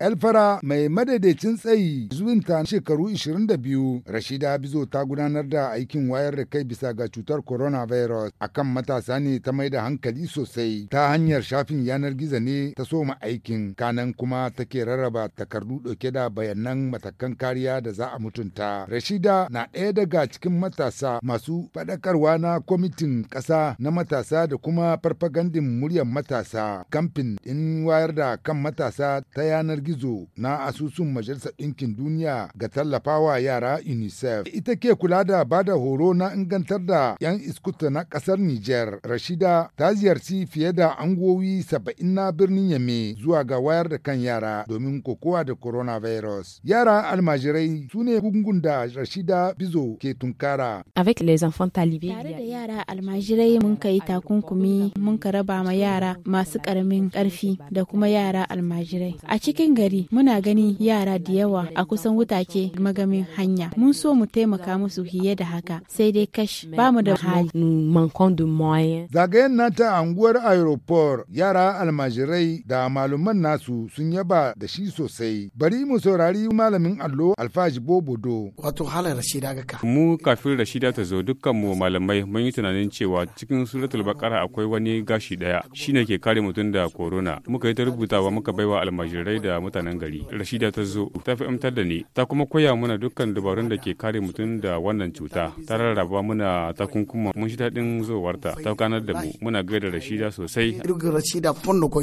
Elfara mai madaidaicin tsayi zuwinta shekaru 22 Rashida Bizo ta gudanar da aikin wayar da kai bisa ga cutar coronavirus akan matasa ne ta mai da hankali sosai ta hanyar shafin yanar gizo ne ta soma aikin kanan kuma take rarraba takardu ɗauke da bayanan matakan kariya da za a mutunta. Rashida na ɗaya daga cikin matasa masu faɗakarwa na kwamitin ƙasa na matasa da kuma farfagandin muryar matasa kamfin ɗin wayar da kan matasa ta yanar gizo gizo na asusun Majalisar Ɗinkin Duniya ga tallafawa yara UNICEF. Ita ke kula da ba da horo na ingantar da 'yan iskuta na ƙasar niger Rashida ta ziyarci fiye da angowi saba'in na birnin Yame zuwa ga wayar da kan yara domin kokowa da coronavirus. Yara almajirai su ne gungun da Rashida Bizo ke tunkara. Avec les enfants talibés. Tare da yara almajirai mun kai takunkumi mun ka raba ma yara masu ƙaramin ƙarfi da kuma yara almajirai. A cikin gari muna gani yara da yawa a kusan wutake magamin hanya. Mun so mu taimaka musu hiye da haka sai dai kash ba mu da hali. Zagayen nata a unguwar aeroport yara almajirai da malaman nasu sun yaba da shi sosai. Bari mu saurari malamin allo alfaji bobodo. Wato halar Rashida ga ka. Mu kafin Rashida ta zo dukkan mu malamai mun yi tunanin cewa cikin suratul bakara akwai wani gashi daya shine ke kare mutum da corona. Muka yi ta rubutawa muka baiwa almajirai da mutanen gari rashida ta zo ta fi da ni ta kuma koya mana dukkan dabarun da ke kare mutum da wannan cuta ta rarraba muna takunkuma mun shi daɗin zowarta ta kanar da mu muna gaida rashida sosai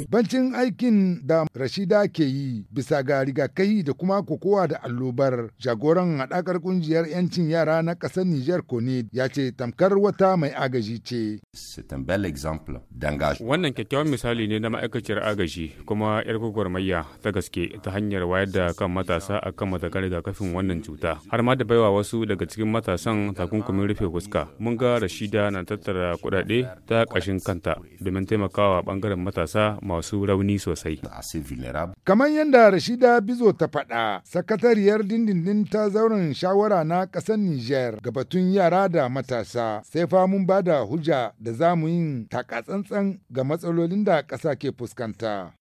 bancin aikin da rashida ke yi bisa ga rigakai da kuma kokowa da allobar jagoran haɗakar kungiyar 'yancin yara na ƙasar nijar kone ya ce tamkar wata mai agaji ce wannan kyakkyawan misali ne na ma'aikaciyar agaji kuma 'yar gwagwarmayya ta gaske ke ta hanyar wayar da kan matasa akan matakan rigakafin wannan cuta har ma da baiwa wasu daga cikin matasan takunkumin rufe fuska mun ga rashida na tattara kudade ta kashin kanta domin taimakawa bangaren matasa masu rauni sosai kamar yadda rashida bizo ta faɗa sakatariyar dindindin ta zauren shawara na ƙasar niger ga batun yara da matasa sai fa mun ba da hujja da za mu yin takatsantsan ga matsalolin da ƙasa ke fuskanta